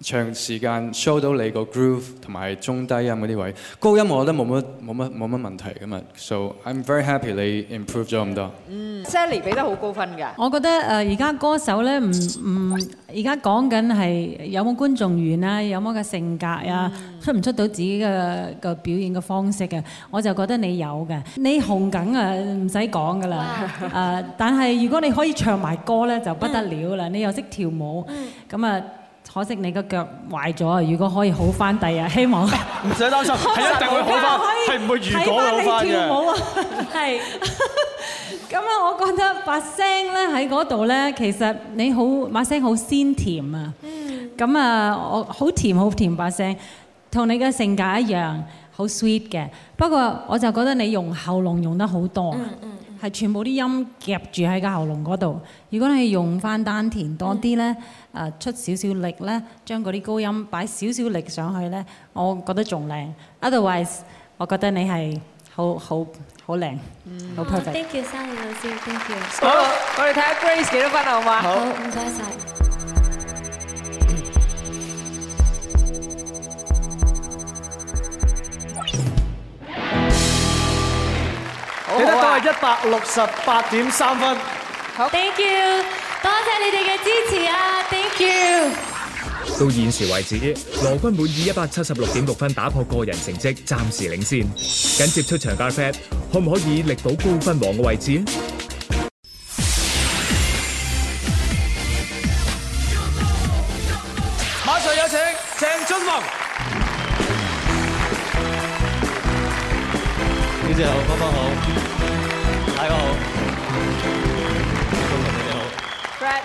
長時間 show 到你個 groove 同埋中低音嗰啲位，高音我覺得冇乜冇乜冇乜問題㗎嘛。So I'm very happy 你 improve 咗咁多。嗯，Sally 俾得好高分㗎。我覺得誒而家歌手咧唔唔，而家講緊係有冇觀眾緣啊，有冇個性格呀，出唔出到自己嘅個表演嘅方式嘅，我就覺得你有嘅。你紅緊啊，唔使講㗎啦。誒，但係如果你可以唱埋歌咧，就不得了啦。你又識跳舞，咁啊。可惜你個腳壞咗啊！如果可以好翻，第日希望唔使擔心，係一定會好翻，係唔會如果好翻嘅。係咁啊，我覺得把聲咧喺嗰度咧，其實你好把聲好鮮甜啊。嗯。咁啊，我好甜好甜把聲，同你嘅性格一樣，好 sweet 嘅。不過我就覺得你用喉嚨用得好多。係全部啲音夾住喺個喉嚨嗰度。如果你用翻丹田多啲咧，誒出少少力咧，將嗰啲高音擺少少力上去咧，我覺得仲靚。Otherwise，我覺得你係好好好靚，好拍謝。Thank you，啟生老師，Thank you。好，我哋睇下 Grace 幾多分啊，好嘛？好，唔該曬。記得都係一百六十八點三分。好，Thank you，多謝你哋嘅支持啊！Thank you。謝謝。到現時為止，羅鈞滿以一百七十六點六分打破個人成績，暫時領先。緊接出場嘅 Fred，可唔可以力保高分王嘅位置咧？馬上有請鄭俊弘。主持好，芳芳好。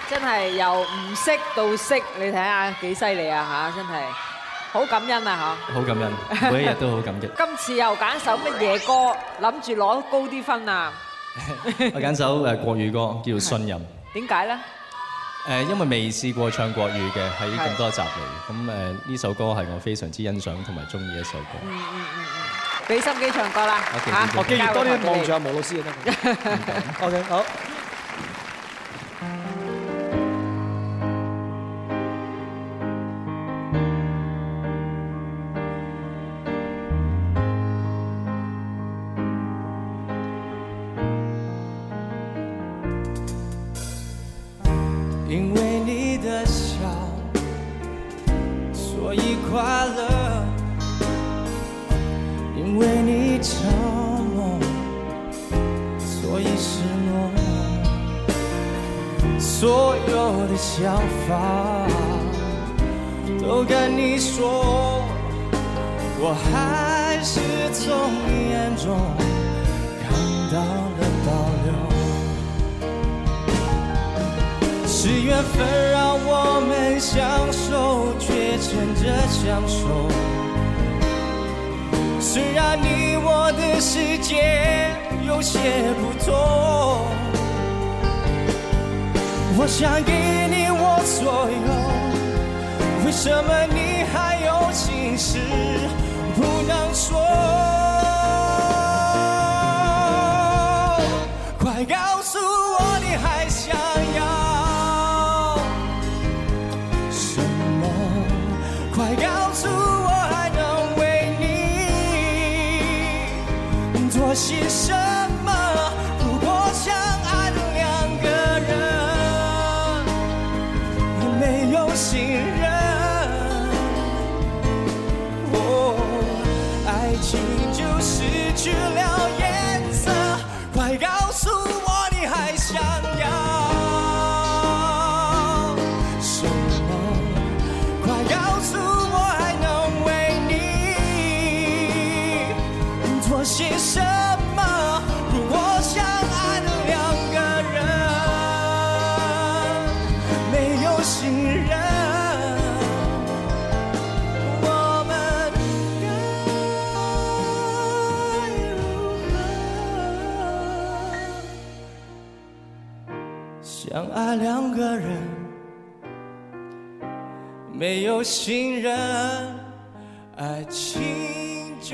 真係由唔識到識，你睇下幾犀利啊嚇！真係好感恩啊嚇，好感恩，每一日都好感激。今次又揀首乜嘢歌，諗住攞高啲分啊？我揀首誒國語歌，叫《信任》。點解咧？誒，因為未試過唱國語嘅喺咁多集嚟，咁誒呢首歌係我非常之欣賞同埋中意一首歌。嗯嗯嗯嗯，俾心機唱歌啦嚇，我記住多啲望住阿巫老師啊得。OK，好。那兩個人沒有信任，愛情就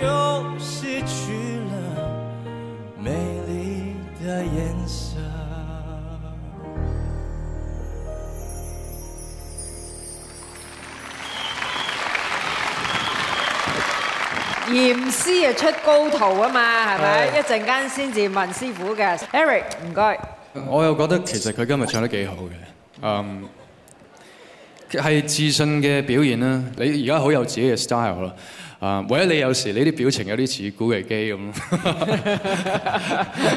失去了美麗的顏色。嚴師啊，出高徒啊嘛，係咪？是一陣間先至問師傅嘅，Eric，唔該。我又覺得其實佢今日唱得幾好嘅，嗯，係自信嘅表現啦。你而家好有自己嘅 style 啦，啊，唯一你有時你啲表情有啲似古巨基咁，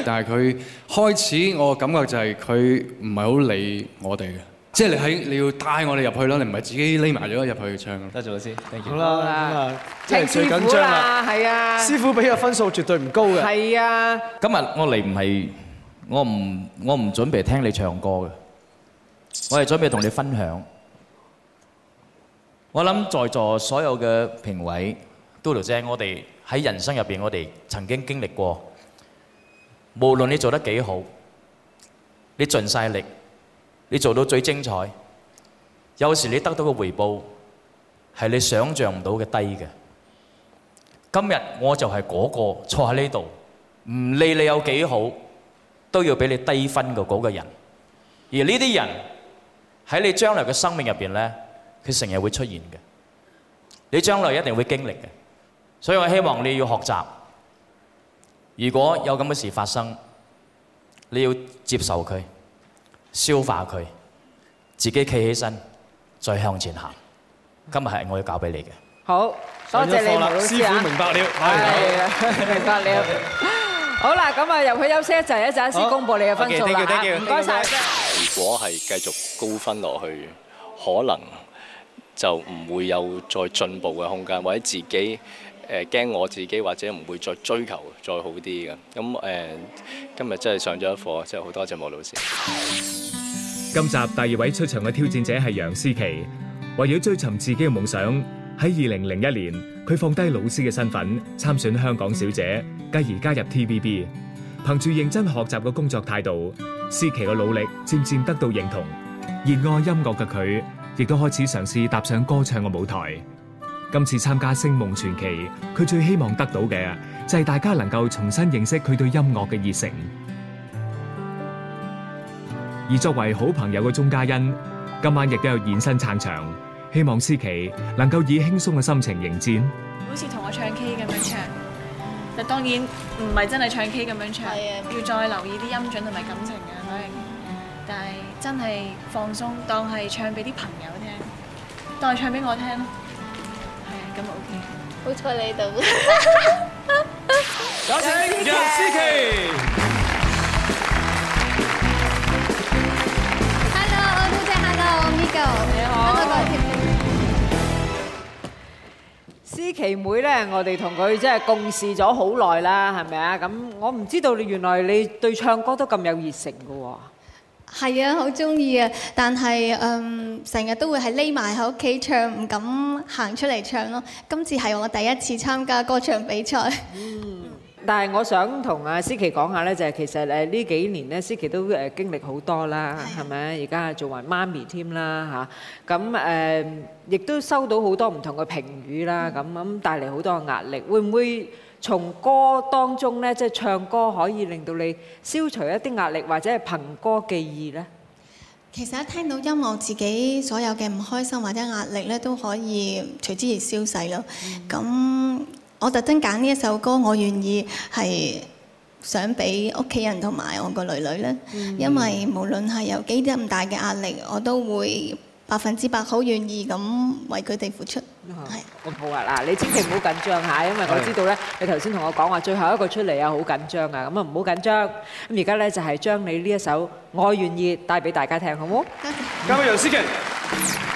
但係佢開始我感覺就係佢唔係好理我哋嘅，即係你喺你要帶我哋入去囉，你唔係自己匿埋咗入去唱。多謝老師，好啦，即係最緊張啦，係啊，師傅俾個、啊係啊、分數絕對唔高嘅，係啊。今日我嚟唔係。我唔我唔準備聽你唱歌嘅，我係準備同你分享。我諗在座所有嘅評委,委，都瞭解我哋喺人生入面，我哋曾經經歷過。無論你做得幾好，你盡晒力，你做到最精彩，有時你得到嘅回報係你想象唔到嘅低嘅。今日我就係嗰個坐喺呢度，唔理你有幾好。都要俾你低分嘅嗰個人，而呢啲人喺你將來嘅生命入邊咧，佢成日會出現嘅。你將來一定會經歷嘅，所以我希望你要學習。如果有咁嘅事發生，你要接受佢、消化佢，自己企起身，再向前行。今日係我要教俾你嘅。好，多謝巫老師啊！師傅明白了。係啊，明白了。好啦，咁啊，入去休息一陣一陣先公佈你嘅分數啦。唔該曬。如果係繼續高分落去，可能就唔會有再進步嘅空間，或者自己誒驚我自己或者唔會再追求再好啲嘅。咁誒，今日真係上咗一課，真係好多謝巫老師。今集第二位出場嘅挑戰者係楊思琦。為咗追尋自己嘅夢想，喺二零零一年，佢放低老師嘅身份參選香港小姐。繼而加入 TVB，憑住認真學習嘅工作態度，思琦嘅努力漸漸得到認同。熱愛音樂嘅佢，亦都開始嘗試踏上歌唱嘅舞台。今次參加《星夢傳奇》，佢最希望得到嘅就係大家能夠重新認識佢對音樂嘅熱誠。而作為好朋友嘅鍾嘉欣，今晚亦都有現身撐場，希望思琦能夠以輕鬆嘅心情迎戰。好似同我唱 K 咁樣唱。就當然唔係真係唱 K 咁樣唱，要再留意啲音準同埋感情啊嗰啲。但係真係放鬆，當係唱俾啲朋友聽，當係唱俾我聽咯。係啊，咁啊 OK。好彩你到。有請楊思琦。Hello，Do 姐，Hello，Miguel，你好。思琦妹呢，我哋同佢即係共事咗好耐啦，係咪啊？咁我唔知道，原來你對唱歌都咁有熱誠㗎喎。係啊，好中意啊！但係嗯，成日都會係匿埋喺屋企唱，唔敢行出嚟唱咯。今次係我第一次參加歌唱比賽。但係我想同阿思琦講下咧，就係其實誒呢幾年咧，思琦都誒經歷好多啦，係咪？而家做埋媽咪添啦嚇，咁誒亦都收到好多唔同嘅評語啦，咁咁帶嚟好多嘅壓力。會唔會從歌當中咧，即係唱歌可以令到你消除一啲壓力，或者係憑歌寄意咧？其實一聽到音樂，自己所有嘅唔開心或者壓力咧，都可以隨之而消逝咯。咁。我特登揀呢一首歌，我願意係想俾屋企人同埋我個女女咧，因為無論係有幾啲咁大嘅壓力，我都會百分之百好願意咁為佢哋付出。係好啊，嗱，你千祈唔好緊張嚇，因為我知道咧，你頭先同我講話，最後一個出嚟啊，好緊張啊，咁啊唔好緊張。咁而家咧就係將你呢一首《我願意》帶俾大家聽，好唔好？加油先～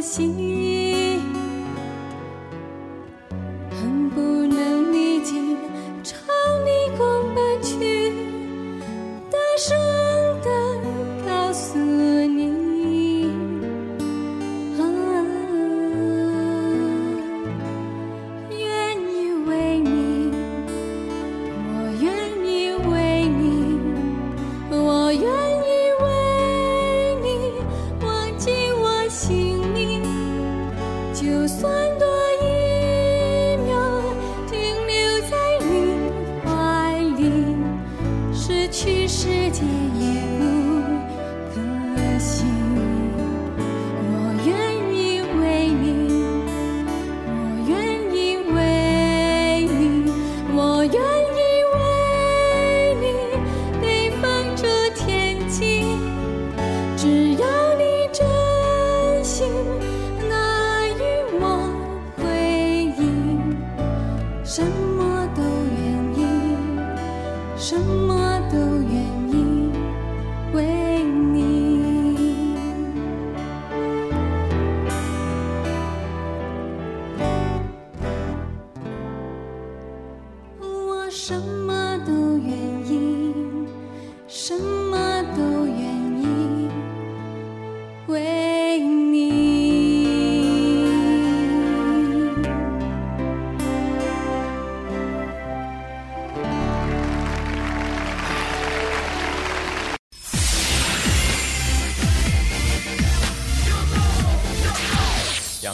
心。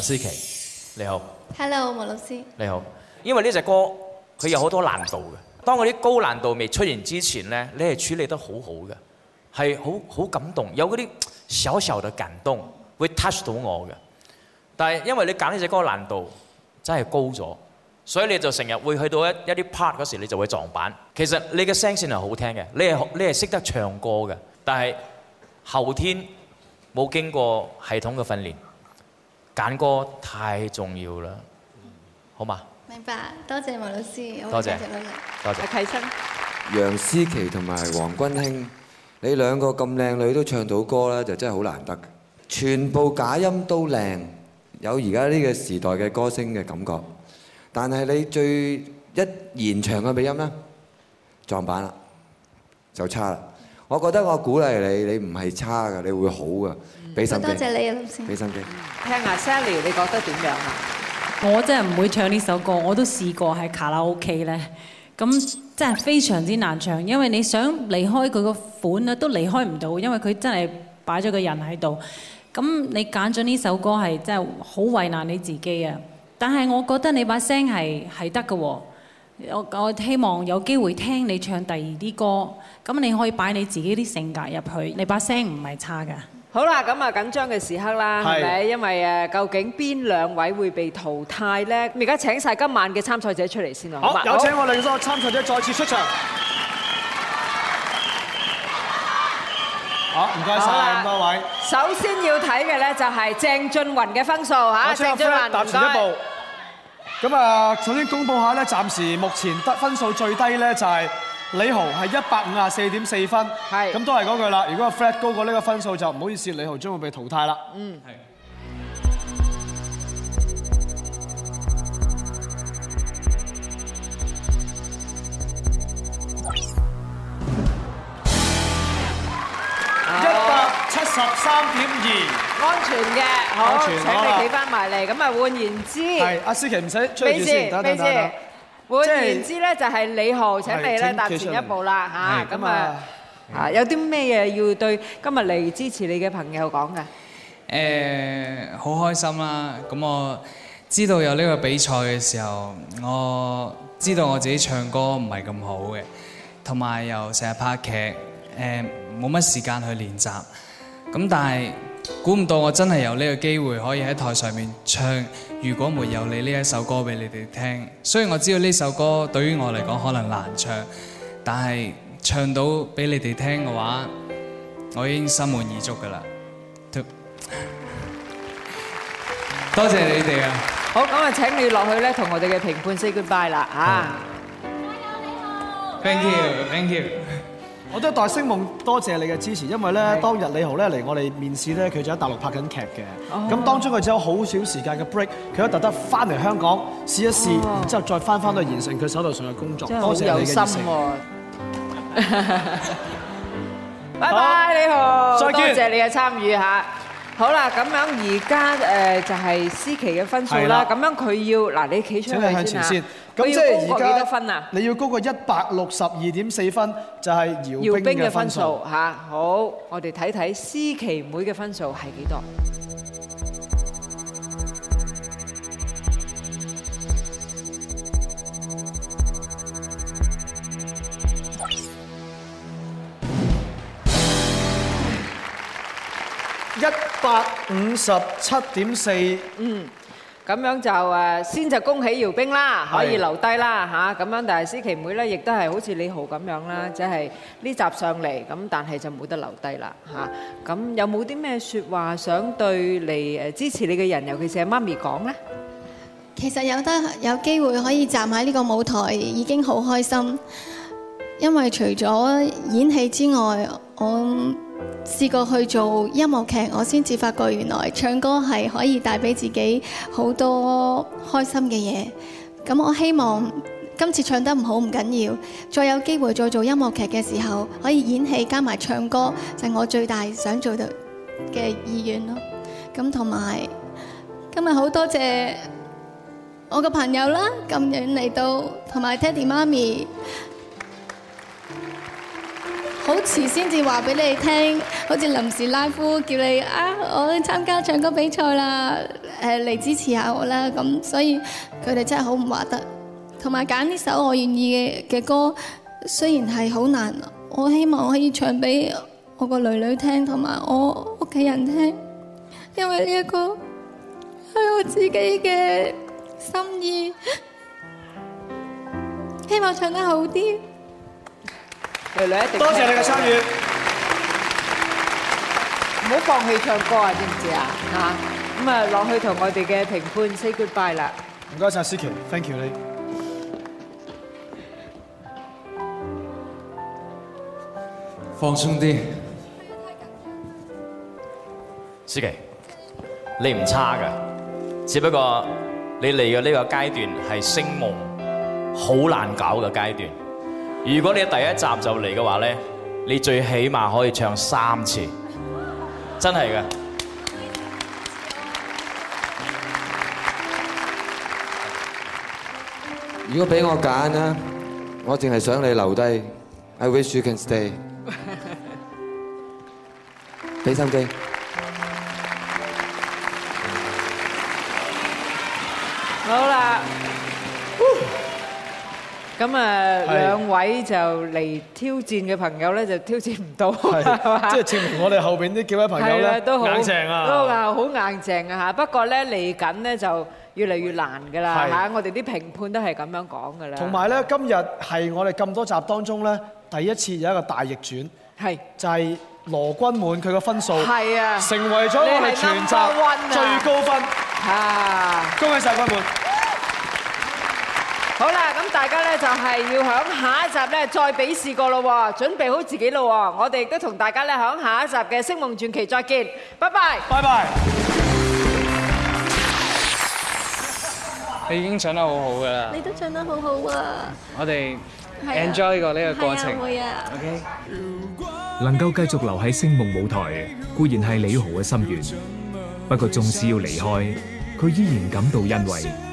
思琦，K，你好。Hello，巫老師，你好。因為呢隻歌佢有好多難度嘅，當嗰啲高難度未出現之前咧，你係處理得好好嘅，係好好感動，有嗰啲小小的感動會 touch 到我嘅。但係因為你揀呢隻歌難度真係高咗，所以你就成日會去到一一啲 part 嗰時，你就會撞板。其實你嘅聲線係好聽嘅，你係你係識得唱歌嘅，但係後天冇經過系統嘅訓練。揀歌太重要啦，好嘛？明白，多謝巫老師，多謝多謝。啟生，楊思琦同埋王君馨，你兩個咁靚女都唱到歌咧，就真係好難得。全部假音都靚，有而家呢個時代嘅歌星嘅感覺。但係你最一延長嘅尾音咧，撞板啦，就差啦。我覺得我鼓勵你，你唔係差嘅，你會好嘅。多謝你啊！聽下 Sally，你覺得點樣啊？我真係唔會唱呢首歌，我都試過喺卡拉 OK 呢。咁真係非常之難唱，因為你想離開佢個款啊，都離開唔到，因為佢真係擺咗個人喺度。咁你揀咗呢首歌係真係好為難你自己啊！但係我覺得你把聲係係得嘅喎，我我希望有機會聽你唱第二啲歌，咁你可以擺你自己啲性格入去，你把聲唔係差㗎。好啦，咁啊緊張嘅時刻啦，係咪？因為誒，究竟邊兩位會被淘汰咧？咁而家請曬今晚嘅參賽者出嚟先啊！好，有請我哋嘅參賽者再次出場。好，唔該曬咁多位。首先要睇嘅咧就係鄭俊弘嘅分數嚇。我先呢，踏前一步。咁啊，首先公佈下咧，暫時目前得分數最低咧就係。李豪係一百五十四點四分，咁是都係嗰句啦。如果個 Fred 高過呢個分數，就唔好意思，李豪將會被淘汰啦。嗯，係一百七十三點二，oh. 安全嘅，安全嘅。請你企翻埋嚟，咁啊吧換言之，阿思琪唔使出去住先走，換言之咧，就係李豪請你咧踏前一步啦嚇，咁啊嚇，有啲咩嘢要對今日嚟支持你嘅朋友講嘅？誒，好開心啦！咁我知道有呢個比賽嘅時候，我知道我自己唱歌唔係咁好嘅，同埋又成日拍劇，誒冇乜時間去練習。咁但係，估唔到我真係有呢個機會可以喺台上面唱《如果沒有你》呢一首歌俾你哋聽。雖然我知道呢首歌對於我嚟講可能難唱，但係唱到俾你哋聽嘅話，我已經心滿意足噶啦。多謝你哋啊！好，咁啊，請你落去咧，同我哋嘅評判 say goodbye 啦啊！Thank you, thank you. 我都代星夢》，多謝你嘅支持。因為咧，當日李豪咧嚟我哋面試咧，佢就喺大陸拍緊劇嘅。咁當中佢只有好少時間嘅 break，佢都特登翻嚟香港試一試，之後再翻翻去完成佢手頭上嘅工作。真係有心喎！拜拜，李豪，多謝你嘅參與嚇。好啦，咁樣而家誒就係思琪嘅分數啦。咁樣佢要嗱，你企出嚟先咁即係而家你要高過一百六十二點四分，就係姚兵嘅分數嚇。好，我哋睇睇思琦妹嘅分數係幾多？一百五十七點四。嗯。咁樣就誒，先就恭喜姚兵啦，可以留低啦嚇。咁樣，但係思琪妹咧，亦都係好似李豪咁樣啦，即係呢集上嚟咁，但係就冇得留低啦嚇。咁有冇啲咩説話想對嚟誒支持你嘅人，尤其是阿媽咪講咧？其實有得有機會可以站喺呢個舞台，已經好開心。因為除咗演戲之外，我試過去做音樂劇，我先至發覺原來唱歌係可以帶俾自己好多開心嘅嘢。咁我希望今次唱得唔好唔緊要，再有機會再做音樂劇嘅時候，可以演戲加埋唱歌，就係我最大想做到嘅意願咯。咁同埋今日好多謝我個朋友啦，咁遠嚟到，同埋爹哋媽咪。好遲先至話俾你聽，好似臨時拉夫叫你啊！我參加唱歌比賽啦，誒嚟支持下我啦。咁所以佢哋真係好唔話得，同埋揀呢首我願意嘅嘅歌，雖然係好難，我希望我可以唱俾我個女女聽，同埋我屋企人聽，因為呢一個係我自己嘅心意，希望唱得好啲。女女一定多謝你嘅參與，唔好放棄唱歌啊！知唔知啊？啊咁啊，落去同我哋嘅評判 say goodbye 啦！唔該晒，思琦，thank you 你。放鬆啲，思琦，你唔差㗎，只不過你嚟嘅呢個階段係星夢，好難搞嘅階段。如果你第一集就嚟嘅話咧，你最起碼可以唱三次，真係㗎。如果俾我揀咧，我淨係想你留低。I wish you can stay。畀心機，好啦。咁啊，兩位就嚟挑戰嘅朋友咧，就挑戰唔到，係嘛？即係證明我哋後邊啲幾位朋友咧，都好硬淨啊，都係好硬淨啊嚇！不過咧，嚟緊咧就越嚟越難㗎啦嚇！我哋啲評判都係咁樣講㗎啦。同埋咧，今日係我哋咁多集當中咧，第一次有一個大逆轉，係就係羅鈞滿佢嘅分數，係啊，成為咗我哋全集最高分啊！恭喜晒鈞滿！好啦，咁大家咧就係要響下一集咧再比試過咯，準備好自己咯，我哋亦都同大家咧響下一集嘅《星夢傳奇》再見，拜拜，拜拜。你已經唱得好好噶啦，你都唱得好好啊！我哋 enjoy 過呢個過程，會啊，OK。能夠繼續留喺星夢舞台固然係李豪嘅心願，不過縱使要離開，佢依然感到欣慰。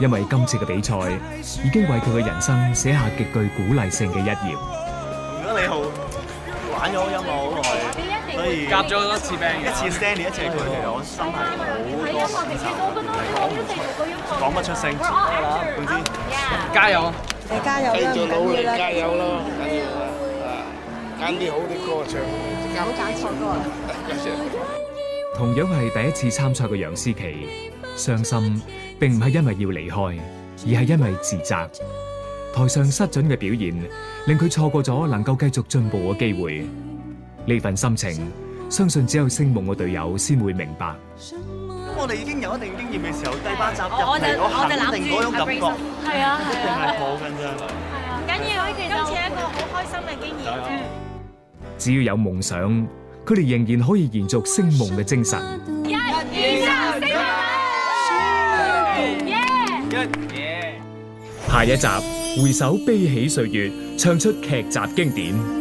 因為今次嘅比賽已經為佢嘅人生寫下極具鼓勵性嘅一頁。你好，玩咗音樂好耐，所以夾咗好多次病嘅。一次 Stanley，一次佢，我心係好亂，講唔出，講不出聲，總之加油，你加油啦，繼續努力加油咯，緊要啊！揀啲好啲歌唱，唔好揀錯歌。同樣係第一次參賽嘅楊思琦。傷心並唔係因為要離開，而係因為自責。台上失準嘅表現令佢錯過咗能夠繼續進步嘅機會。呢份心情，相信只有星夢嘅隊友先會明白。咁我哋已經有一定經驗嘅時候，第八集我就肯定嗰種感覺，係啊係啊，一定係好緊張啊。唔緊要，今次係一個好開心嘅經驗。只要有夢想，佢哋仍然可以延續星夢嘅精神。一二三下一集，回首悲喜歲月，唱出劇集經典。